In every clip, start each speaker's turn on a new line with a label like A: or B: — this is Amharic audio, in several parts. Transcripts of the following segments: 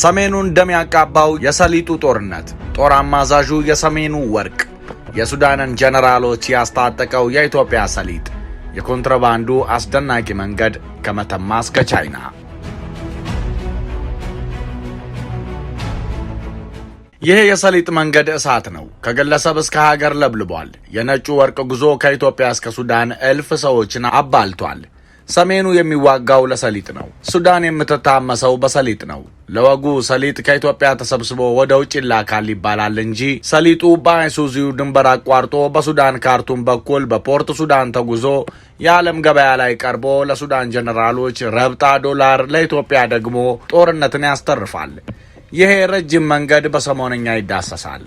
A: ሰሜኑን ደም ያቃባው የሰሊጡ ጦርነት ጦር አማዛዡ የሰሜኑ ወርቅ የሱዳንን ጀነራሎች ያስታጠቀው የኢትዮጵያ ሰሊጥ የኮንትሮባንዱ አስደናቂ መንገድ ከመተማ እስከ ቻይና። ይህ የሰሊጥ መንገድ እሳት ነው። ከግለሰብ እስከ ሀገር ለብልቧል። የነጩ ወርቅ ጉዞ ከኢትዮጵያ እስከ ሱዳን እልፍ ሰዎችን አባልቷል። ሰሜኑ የሚዋጋው ለሰሊጥ ነው። ሱዳን የምትታመሰው በሰሊጥ ነው። ለወጉ ሰሊጥ ከኢትዮጵያ ተሰብስቦ ወደ ውጭ ይላካል ይባላል እንጂ ሰሊጡ በአይሱዚው ድንበር አቋርጦ በሱዳን ካርቱም በኩል በፖርት ሱዳን ተጉዞ የዓለም ገበያ ላይ ቀርቦ ለሱዳን ጀኔራሎች ረብጣ ዶላር፣ ለኢትዮጵያ ደግሞ ጦርነትን ያስተርፋል። ይሄ ረጅም መንገድ በሰሞነኛ ይዳሰሳል።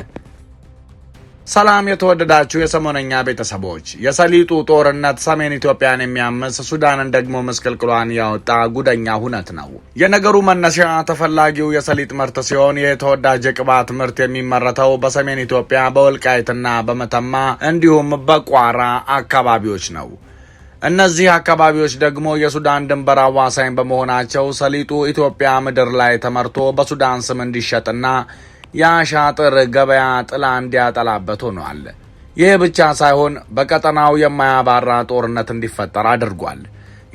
A: ሰላም የተወደዳችሁ የሰሞነኛ ቤተሰቦች፣ የሰሊጡ ጦርነት ሰሜን ኢትዮጵያን የሚያምስ ሱዳንን ደግሞ ምስቅልቅሏን ያወጣ ጉደኛ ሁነት ነው። የነገሩ መነሻ ተፈላጊው የሰሊጥ ምርት ሲሆን ይህ ተወዳጅ የቅባት ምርት የሚመረተው በሰሜን ኢትዮጵያ በወልቃይትና በመተማ እንዲሁም በቋራ አካባቢዎች ነው። እነዚህ አካባቢዎች ደግሞ የሱዳን ድንበር አዋሳኝ በመሆናቸው ሰሊጡ ኢትዮጵያ ምድር ላይ ተመርቶ በሱዳን ስም እንዲሸጥና የአሻጥር ገበያ ጥላ እንዲያጠላበት ሆኗል። ይህ ብቻ ሳይሆን በቀጠናው የማያባራ ጦርነት እንዲፈጠር አድርጓል።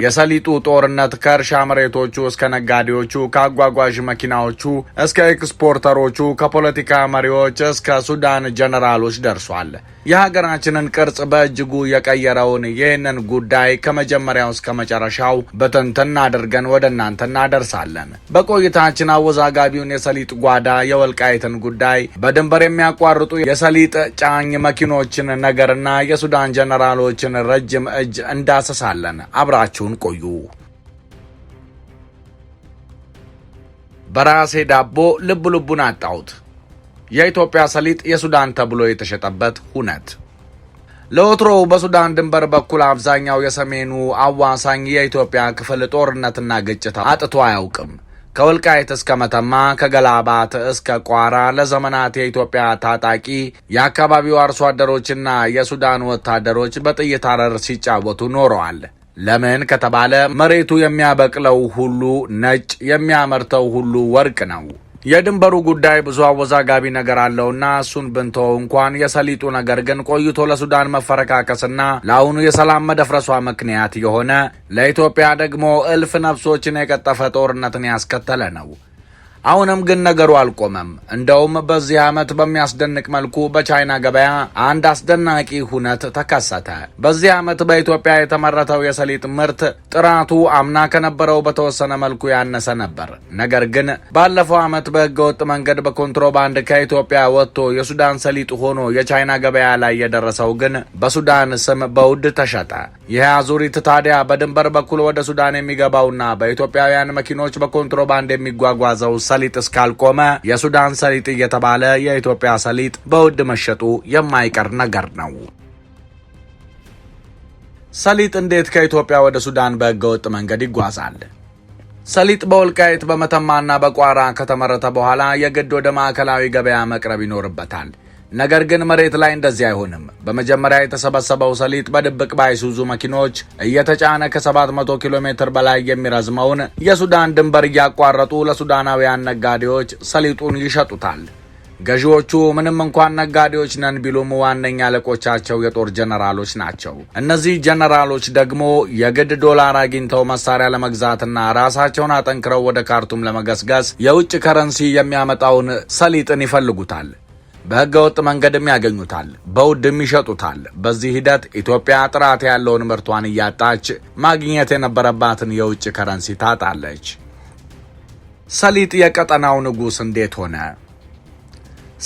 A: የሰሊጡ ጦርነት ከእርሻ መሬቶቹ እስከ ነጋዴዎቹ፣ ከአጓጓዥ መኪናዎቹ እስከ ኤክስፖርተሮቹ፣ ከፖለቲካ መሪዎች እስከ ሱዳን ጀነራሎች ደርሷል። የሀገራችንን ቅርጽ በእጅጉ የቀየረውን ይህንን ጉዳይ ከመጀመሪያው እስከ መጨረሻው በትንትና አድርገን ወደ እናንተ እናደርሳለን። በቆይታችን አወዛጋቢውን የሰሊጥ ጓዳ፣ የወልቃይትን ጉዳይ፣ በድንበር የሚያቋርጡ የሰሊጥ ጫኝ መኪኖችን ነገርና የሱዳን ጀነራሎችን ረጅም እጅ እንዳሰሳለን። አብራችሁ ሲያደርጉን ቆዩ። በራሴ ዳቦ ልብ ልቡን አጣሁት። የኢትዮጵያ ሰሊጥ የሱዳን ተብሎ የተሸጠበት ሁነት ለወትሮው በሱዳን ድንበር በኩል አብዛኛው የሰሜኑ አዋሳኝ የኢትዮጵያ ክፍል ጦርነትና ግጭት አጥቶ አያውቅም። ከወልቃይት እስከ መተማ፣ ከገላባት እስከ ቋራ ለዘመናት የኢትዮጵያ ታጣቂ የአካባቢው አርሶ አደሮችና የሱዳን ወታደሮች በጥይት አረር ሲጫወቱ ኖረዋል። ለምን ከተባለ መሬቱ የሚያበቅለው ሁሉ ነጭ፣ የሚያመርተው ሁሉ ወርቅ ነው። የድንበሩ ጉዳይ ብዙ አወዛጋቢ ነገር አለውና እሱን ብንተው እንኳን የሰሊጡ ነገር ግን ቆይቶ ለሱዳን መፈረካከስና ለአሁኑ የሰላም መደፍረሷ ምክንያት የሆነ ለኢትዮጵያ ደግሞ እልፍ ነፍሶችን የቀጠፈ ጦርነትን ያስከተለ ነው። አሁንም ግን ነገሩ አልቆመም። እንደውም በዚህ ዓመት በሚያስደንቅ መልኩ በቻይና ገበያ አንድ አስደናቂ ሁነት ተከሰተ። በዚህ ዓመት በኢትዮጵያ የተመረተው የሰሊጥ ምርት ጥራቱ አምና ከነበረው በተወሰነ መልኩ ያነሰ ነበር። ነገር ግን ባለፈው ዓመት በህገወጥ መንገድ በኮንትሮባንድ ከኢትዮጵያ ወጥቶ የሱዳን ሰሊጥ ሆኖ የቻይና ገበያ ላይ የደረሰው ግን በሱዳን ስም በውድ ተሸጠ። ይህ አዙሪት ታዲያ በድንበር በኩል ወደ ሱዳን የሚገባውና በኢትዮጵያውያን መኪኖች በኮንትሮባንድ የሚጓጓዘው ሰሊጥ እስካልቆመ የሱዳን ሰሊጥ እየተባለ የኢትዮጵያ ሰሊጥ በውድ መሸጡ የማይቀር ነገር ነው። ሰሊጥ እንዴት ከኢትዮጵያ ወደ ሱዳን በህገወጥ መንገድ ይጓዛል? ሰሊጥ በወልቃይት በመተማና በቋራ ከተመረተ በኋላ የግድ ወደ ማዕከላዊ ገበያ መቅረብ ይኖርበታል። ነገር ግን መሬት ላይ እንደዚህ አይሆንም። በመጀመሪያ የተሰበሰበው ሰሊጥ በድብቅ በአይሱዙ መኪኖች እየተጫነ ከ700 ኪሎ ሜትር በላይ የሚረዝመውን የሱዳን ድንበር እያቋረጡ ለሱዳናውያን ነጋዴዎች ሰሊጡን ይሸጡታል። ገዢዎቹ ምንም እንኳን ነጋዴዎች ነን ቢሉም ዋነኛ አለቆቻቸው የጦር ጀነራሎች ናቸው። እነዚህ ጀነራሎች ደግሞ የግድ ዶላር አግኝተው መሳሪያ ለመግዛትና ራሳቸውን አጠንክረው ወደ ካርቱም ለመገስገስ የውጭ ከረንሲ የሚያመጣውን ሰሊጥን ይፈልጉታል። በህገወጥ መንገድም ያገኙታል፣ በውድም ይሸጡታል። በዚህ ሂደት ኢትዮጵያ ጥራት ያለውን ምርቷን እያጣች ማግኘት የነበረባትን የውጭ ከረንሲ ታጣለች። ሰሊጥ የቀጠናው ንጉሥ እንዴት ሆነ?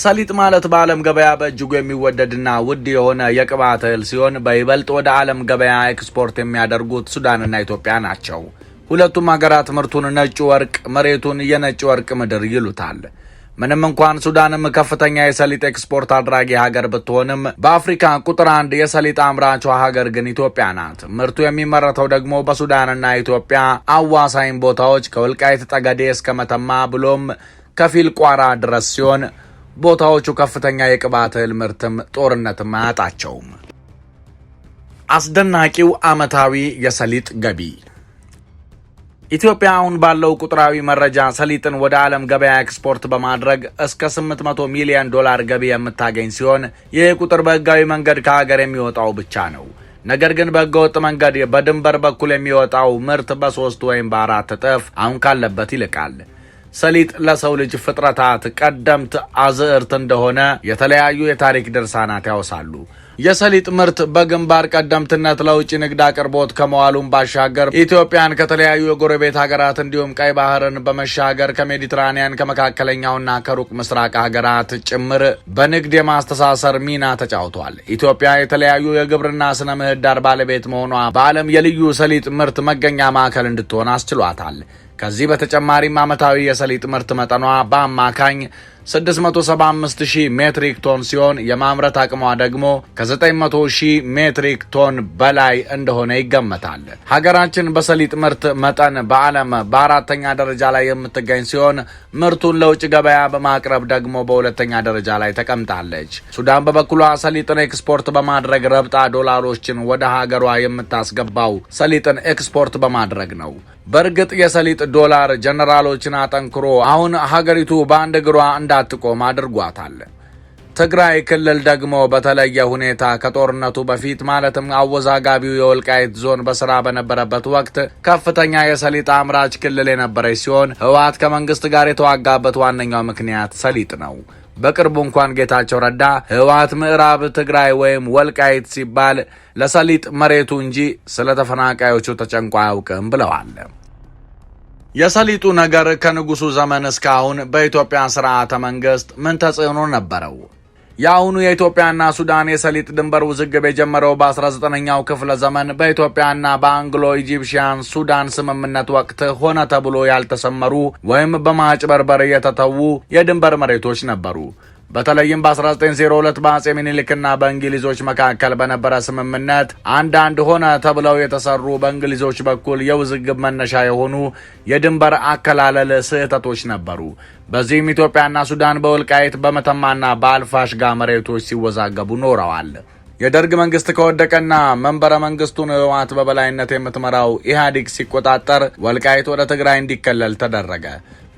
A: ሰሊጥ ማለት በዓለም ገበያ በእጅጉ የሚወደድና ውድ የሆነ የቅባት እህል ሲሆን በይበልጥ ወደ ዓለም ገበያ ኤክስፖርት የሚያደርጉት ሱዳንና ኢትዮጵያ ናቸው። ሁለቱም ሀገራት ምርቱን ነጭ ወርቅ፣ መሬቱን የነጭ ወርቅ ምድር ይሉታል። ምንም እንኳን ሱዳንም ከፍተኛ የሰሊጥ ኤክስፖርት አድራጊ ሀገር ብትሆንም በአፍሪካ ቁጥር አንድ የሰሊጥ አምራቿ ሀገር ግን ኢትዮጵያ ናት። ምርቱ የሚመረተው ደግሞ በሱዳንና ኢትዮጵያ አዋሳኝ ቦታዎች ከወልቃይት ጠገዴ እስከ መተማ ብሎም ከፊል ቋራ ድረስ ሲሆን ቦታዎቹ ከፍተኛ የቅባት እህል ምርትም ጦርነትም አያጣቸውም። አስደናቂው ዓመታዊ የሰሊጥ ገቢ ኢትዮጵያ አሁን ባለው ቁጥራዊ መረጃ ሰሊጥን ወደ ዓለም ገበያ ኤክስፖርት በማድረግ እስከ 800 ሚሊዮን ዶላር ገቢ የምታገኝ ሲሆን ይህ ቁጥር በህጋዊ መንገድ ከሀገር የሚወጣው ብቻ ነው። ነገር ግን በህገወጥ መንገድ በድንበር በኩል የሚወጣው ምርት በሶስት ወይም በአራት እጥፍ አሁን ካለበት ይልቃል። ሰሊጥ ለሰው ልጅ ፍጥረታት ቀደምት አዝዕርት እንደሆነ የተለያዩ የታሪክ ድርሳናት ያወሳሉ። የሰሊጥ ምርት በግንባር ቀደምትነት ለውጭ ንግድ አቅርቦት ከመዋሉም ባሻገር ኢትዮጵያን ከተለያዩ የጎረቤት ሀገራት እንዲሁም ቀይ ባህርን በመሻገር ከሜዲትራኒያን ከመካከለኛውና ከሩቅ ምስራቅ ሀገራት ጭምር በንግድ የማስተሳሰር ሚና ተጫውቷል። ኢትዮጵያ የተለያዩ የግብርና ስነ ምህዳር ባለቤት መሆኗ በዓለም የልዩ ሰሊጥ ምርት መገኛ ማዕከል እንድትሆን አስችሏታል። ከዚህ በተጨማሪም ዓመታዊ የሰሊጥ ምርት መጠኗ በአማካኝ 675,000 ሜትሪክ ቶን ሲሆን የማምረት አቅሟ ደግሞ ከ900,000 ሜትሪክ ቶን በላይ እንደሆነ ይገመታል። ሀገራችን በሰሊጥ ምርት መጠን በዓለም በአራተኛ ደረጃ ላይ የምትገኝ ሲሆን ምርቱን ለውጭ ገበያ በማቅረብ ደግሞ በሁለተኛ ደረጃ ላይ ተቀምጣለች። ሱዳን በበኩሏ ሰሊጥን ኤክስፖርት በማድረግ ረብጣ ዶላሮችን ወደ ሀገሯ የምታስገባው ሰሊጥን ኤክስፖርት በማድረግ ነው። በእርግጥ የሰሊጥ ዶላር ጀነራሎችን አጠንክሮ አሁን ሀገሪቱ በአንድ እግሯ እንዳትቆም አድርጓታል። ትግራይ ክልል ደግሞ በተለየ ሁኔታ ከጦርነቱ በፊት ማለትም አወዛጋቢው የወልቃይት ዞን በስራ በነበረበት ወቅት ከፍተኛ የሰሊጥ አምራች ክልል የነበረች ሲሆን ህወሓት ከመንግስት ጋር የተዋጋበት ዋነኛው ምክንያት ሰሊጥ ነው። በቅርቡ እንኳን ጌታቸው ረዳ ህወሓት ምዕራብ ትግራይ ወይም ወልቃይት ሲባል ለሰሊጥ መሬቱ እንጂ ስለ ተፈናቃዮቹ ተጨንቆ አያውቅም ብለዋል። የሰሊጡ ነገር ከንጉሱ ዘመን እስካሁን በኢትዮጵያ ስርዓተ መንግስት ምን ተጽዕኖ ነበረው? የአሁኑ የኢትዮጵያና ሱዳን የሰሊጥ ድንበር ውዝግብ የጀመረው በ19ኛው ክፍለ ዘመን በኢትዮጵያና በአንግሎ ኢጂፕሽያን ሱዳን ስምምነት ወቅት ሆነ ተብሎ ያልተሰመሩ ወይም በማጭበርበር የተተዉ የድንበር መሬቶች ነበሩ። በተለይም በ1902 በአጼ ሚኒሊክና በእንግሊዞች መካከል በነበረ ስምምነት አንዳንድ ሆነ ተብለው የተሰሩ በእንግሊዞች በኩል የውዝግብ መነሻ የሆኑ የድንበር አከላለል ስህተቶች ነበሩ። በዚህም ኢትዮጵያና ሱዳን በወልቃይት በመተማና በአልፋሽጋ መሬቶች ሲወዛገቡ ኖረዋል። የደርግ መንግስት ከወደቀና መንበረ መንግስቱን ህወሓት በበላይነት የምትመራው ኢህአዴግ ሲቆጣጠር ወልቃይት ወደ ትግራይ እንዲከለል ተደረገ።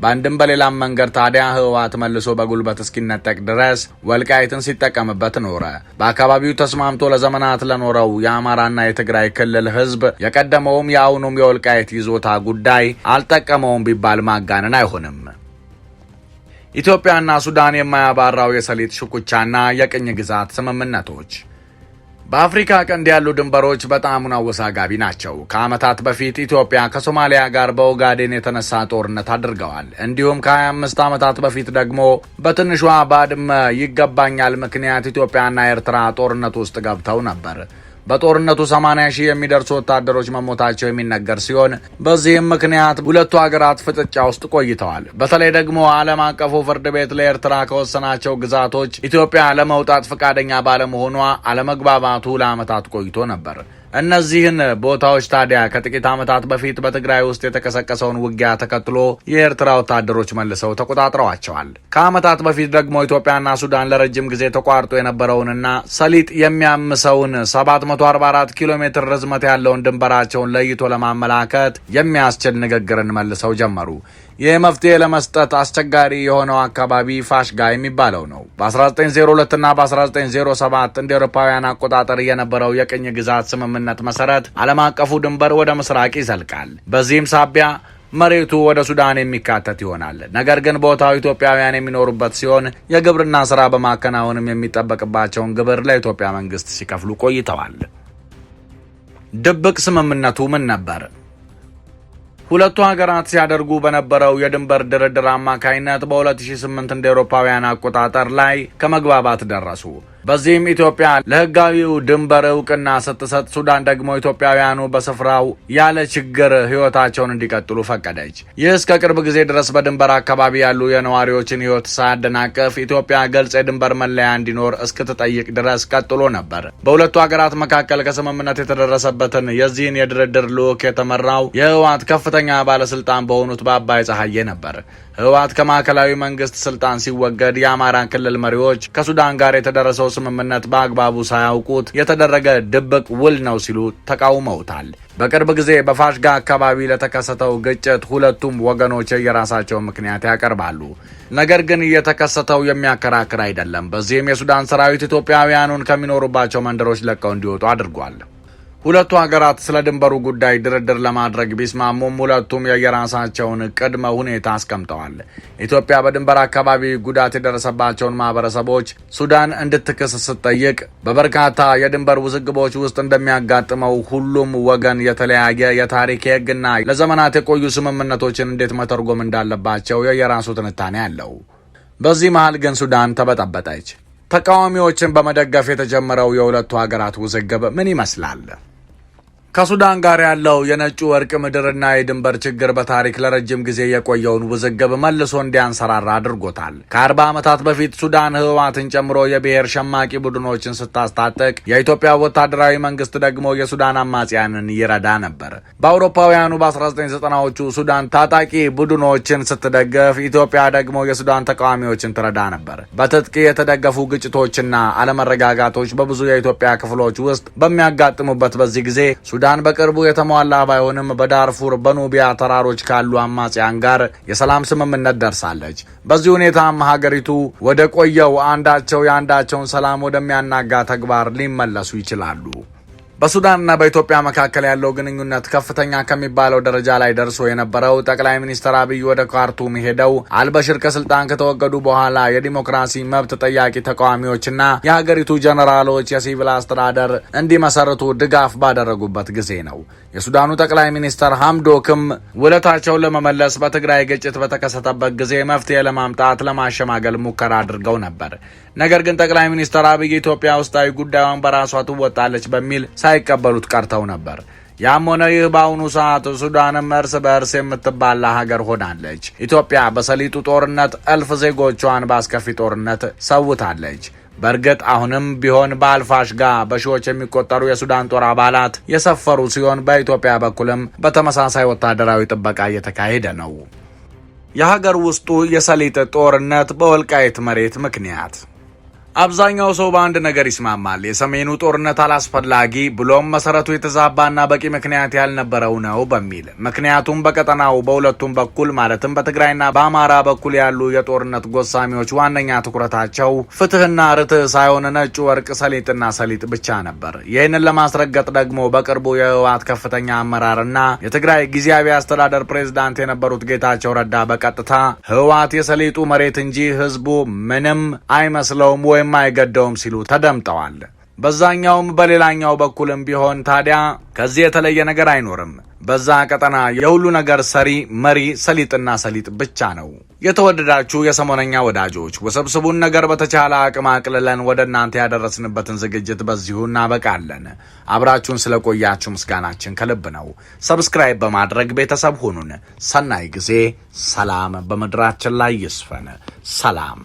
A: በአንድም በሌላም መንገድ ታዲያ ህወሓት መልሶ በጉልበት እስኪነጠቅ ድረስ ወልቃይትን ሲጠቀምበት ኖረ። በአካባቢው ተስማምቶ ለዘመናት ለኖረው የአማራና የትግራይ ክልል ህዝብ የቀደመውም የአሁኑም የወልቃይት ይዞታ ጉዳይ አልጠቀመውም ቢባል ማጋነን አይሆንም። ኢትዮጵያና ሱዳን የማያባራው የሰሊጥ ሽኩቻና የቅኝ ግዛት ስምምነቶች በአፍሪካ ቀንድ ያሉ ድንበሮች በጣሙን አወሳጋቢ ናቸው። ከዓመታት በፊት ኢትዮጵያ ከሶማሊያ ጋር በኦጋዴን የተነሳ ጦርነት አድርገዋል። እንዲሁም ከ25 ዓመታት በፊት ደግሞ በትንሿ ባድመ ይገባኛል ምክንያት ኢትዮጵያና ኤርትራ ጦርነት ውስጥ ገብተው ነበር። በጦርነቱ 80 ሺህ የሚደርሱ ወታደሮች መሞታቸው የሚነገር ሲሆን በዚህም ምክንያት ሁለቱ ሀገራት ፍጥጫ ውስጥ ቆይተዋል። በተለይ ደግሞ ዓለም አቀፉ ፍርድ ቤት ለኤርትራ ከወሰናቸው ግዛቶች ኢትዮጵያ ለመውጣት ፈቃደኛ ባለመሆኗ አለመግባባቱ ለዓመታት ቆይቶ ነበር። እነዚህን ቦታዎች ታዲያ ከጥቂት ዓመታት በፊት በትግራይ ውስጥ የተቀሰቀሰውን ውጊያ ተከትሎ የኤርትራ ወታደሮች መልሰው ተቆጣጥረዋቸዋል። ከዓመታት በፊት ደግሞ ኢትዮጵያና ሱዳን ለረጅም ጊዜ ተቋርጦ የነበረውንና ሰሊጥ የሚያምሰውን 744 ኪሎ ሜትር ርዝመት ያለውን ድንበራቸውን ለይቶ ለማመላከት የሚያስችል ንግግርን መልሰው ጀመሩ። ይህ መፍትሄ ለመስጠት አስቸጋሪ የሆነው አካባቢ ፋሽጋ የሚባለው ነው። በ1902ና በ1907 እንደ አውሮፓውያን አቆጣጠር የነበረው የቅኝ ግዛት ስምምነት መሰረት ዓለም አቀፉ ድንበር ወደ ምስራቅ ይዘልቃል። በዚህም ሳቢያ መሬቱ ወደ ሱዳን የሚካተት ይሆናል። ነገር ግን ቦታው ኢትዮጵያውያን የሚኖሩበት ሲሆን የግብርና ስራ በማከናወንም የሚጠበቅባቸውን ግብር ለኢትዮጵያ መንግስት ሲከፍሉ ቆይተዋል። ድብቅ ስምምነቱ ምን ነበር? ሁለቱ ሀገራት ሲያደርጉ በነበረው የድንበር ድርድር አማካይነት በ2008 እንደ አውሮፓውያን አቆጣጠር ላይ ከመግባባት ደረሱ። በዚህም ኢትዮጵያ ለህጋዊው ድንበር እውቅና ስትሰጥ ሱዳን ደግሞ ኢትዮጵያውያኑ በስፍራው ያለ ችግር ህይወታቸውን እንዲቀጥሉ ፈቀደች። ይህ እስከ ቅርብ ጊዜ ድረስ በድንበር አካባቢ ያሉ የነዋሪዎችን ህይወት ሳያደናቅፍ ኢትዮጵያ ገልጽ የድንበር መለያ እንዲኖር እስክትጠይቅ ድረስ ቀጥሎ ነበር። በሁለቱ ሀገራት መካከል ከስምምነት የተደረሰበትን የዚህን የድርድር ልዑክ የተመራው የህወሓት ከፍተኛ ባለስልጣን በሆኑት በአባይ ጸሐዬ ነበር። ህወሓት ከማዕከላዊ መንግስት ስልጣን ሲወገድ የአማራ ክልል መሪዎች ከሱዳን ጋር የተደረሰው ስምምነት በአግባቡ ሳያውቁት የተደረገ ድብቅ ውል ነው ሲሉ ተቃውመውታል። በቅርብ ጊዜ በፋሽጋ አካባቢ ለተከሰተው ግጭት ሁለቱም ወገኖች የየራሳቸው ምክንያት ያቀርባሉ። ነገር ግን እየተከሰተው የሚያከራክር አይደለም። በዚህም የሱዳን ሰራዊት ኢትዮጵያውያኑን ከሚኖሩባቸው መንደሮች ለቀው እንዲወጡ አድርጓል። ሁለቱ ሀገራት ስለ ድንበሩ ጉዳይ ድርድር ለማድረግ ቢስማሙም ሁለቱም የየራሳቸውን ቅድመ ሁኔታ አስቀምጠዋል። ኢትዮጵያ በድንበር አካባቢ ጉዳት የደረሰባቸውን ማህበረሰቦች ሱዳን እንድትክስ ስትጠይቅ በበርካታ የድንበር ውዝግቦች ውስጥ እንደሚያጋጥመው ሁሉም ወገን የተለያየ የታሪክ የህግና ለዘመናት የቆዩ ስምምነቶችን እንዴት መተርጎም እንዳለባቸው የየራሱ ትንታኔ አለው። በዚህ መሀል ግን ሱዳን ተበጠበጠች። ተቃዋሚዎችን በመደገፍ የተጀመረው የሁለቱ ሀገራት ውዝግብ ምን ይመስላል? ከሱዳን ጋር ያለው የነጩ ወርቅ ምድርና የድንበር ችግር በታሪክ ለረጅም ጊዜ የቆየውን ውዝግብ መልሶ እንዲያንሰራራ አድርጎታል። ከአርባ ዓመታት በፊት ሱዳን ህወሓትን ጨምሮ የብሔር ሸማቂ ቡድኖችን ስታስታጥቅ የኢትዮጵያ ወታደራዊ መንግስት ደግሞ የሱዳን አማጽያንን ይረዳ ነበር። በአውሮፓውያኑ በ1990ዎቹ ሱዳን ታጣቂ ቡድኖችን ስትደግፍ፣ ኢትዮጵያ ደግሞ የሱዳን ተቃዋሚዎችን ትረዳ ነበር። በትጥቅ የተደገፉ ግጭቶችና አለመረጋጋቶች በብዙ የኢትዮጵያ ክፍሎች ውስጥ በሚያጋጥሙበት በዚህ ጊዜ ሱዳን በቅርቡ የተሟላ ባይሆንም በዳርፉር በኑቢያ ተራሮች ካሉ አማጽያን ጋር የሰላም ስምምነት ደርሳለች። በዚህ ሁኔታም ሀገሪቱ ወደ ቆየው አንዳቸው የአንዳቸውን ሰላም ወደሚያናጋ ተግባር ሊመለሱ ይችላሉ። በሱዳንና በኢትዮጵያ መካከል ያለው ግንኙነት ከፍተኛ ከሚባለው ደረጃ ላይ ደርሶ የነበረው ጠቅላይ ሚኒስትር አብይ ወደ ካርቱም ሄደው አልበሽር ከስልጣን ከተወገዱ በኋላ የዲሞክራሲ መብት ጠያቂ ተቃዋሚዎችና የሀገሪቱ ጀነራሎች የሲቪል አስተዳደር እንዲመሰርቱ ድጋፍ ባደረጉበት ጊዜ ነው። የሱዳኑ ጠቅላይ ሚኒስትር ሀምዶክም ውለታቸውን ለመመለስ በትግራይ ግጭት በተከሰተበት ጊዜ መፍትሄ ለማምጣት ለማሸማገል ሙከራ አድርገው ነበር። ነገር ግን ጠቅላይ ሚኒስትር አብይ ኢትዮጵያ ውስጣዊ ጉዳዩን በራሷ ትወጣለች በሚል ሳይቀበሉት ቀርተው ነበር። ያም ሆነ ይህ በአሁኑ ሰዓት ሱዳንም እርስ በእርስ የምትባላ ሀገር ሆናለች። ኢትዮጵያ በሰሊጡ ጦርነት እልፍ ዜጎቿን በአስከፊ ጦርነት ሰውታለች። በእርግጥ አሁንም ቢሆን በአልፋሽ ጋ በሺዎች የሚቆጠሩ የሱዳን ጦር አባላት የሰፈሩ ሲሆን በኢትዮጵያ በኩልም በተመሳሳይ ወታደራዊ ጥበቃ እየተካሄደ ነው። የሀገር ውስጡ የሰሊጥ ጦርነት በወልቃይት መሬት ምክንያት አብዛኛው ሰው በአንድ ነገር ይስማማል። የሰሜኑ ጦርነት አላስፈላጊ ብሎም መሰረቱ የተዛባና በቂ ምክንያት ያልነበረው ነው በሚል ምክንያቱም በቀጠናው በሁለቱም በኩል ማለትም በትግራይና በአማራ በኩል ያሉ የጦርነት ጎሳሚዎች ዋነኛ ትኩረታቸው ፍትህና ርትህ ሳይሆን ነጭ ወርቅ፣ ሰሊጥና ሰሊጥ ብቻ ነበር። ይህንን ለማስረገጥ ደግሞ በቅርቡ የህወሓት ከፍተኛ አመራርና የትግራይ ጊዜያዊ አስተዳደር ፕሬዝዳንት የነበሩት ጌታቸው ረዳ በቀጥታ ህወሓት የሰሊጡ መሬት እንጂ ህዝቡ ምንም አይመስለውም ወይም የማይገደውም ሲሉ ተደምጠዋል። በዛኛውም በሌላኛው በኩልም ቢሆን ታዲያ ከዚህ የተለየ ነገር አይኖርም። በዛ ቀጠና የሁሉ ነገር ሰሪ መሪ ሰሊጥና ሰሊጥ ብቻ ነው። የተወደዳችሁ የሰሞነኛ ወዳጆች፣ ውስብስቡን ነገር በተቻለ አቅም አቅልለን ወደ እናንተ ያደረስንበትን ዝግጅት በዚሁ እናበቃለን። አብራችሁን ስለቆያችሁ ምስጋናችን ከልብ ነው። ሰብስክራይብ በማድረግ ቤተሰብ ሁኑን። ሰናይ ጊዜ። ሰላም በምድራችን ላይ ይስፈን። ሰላም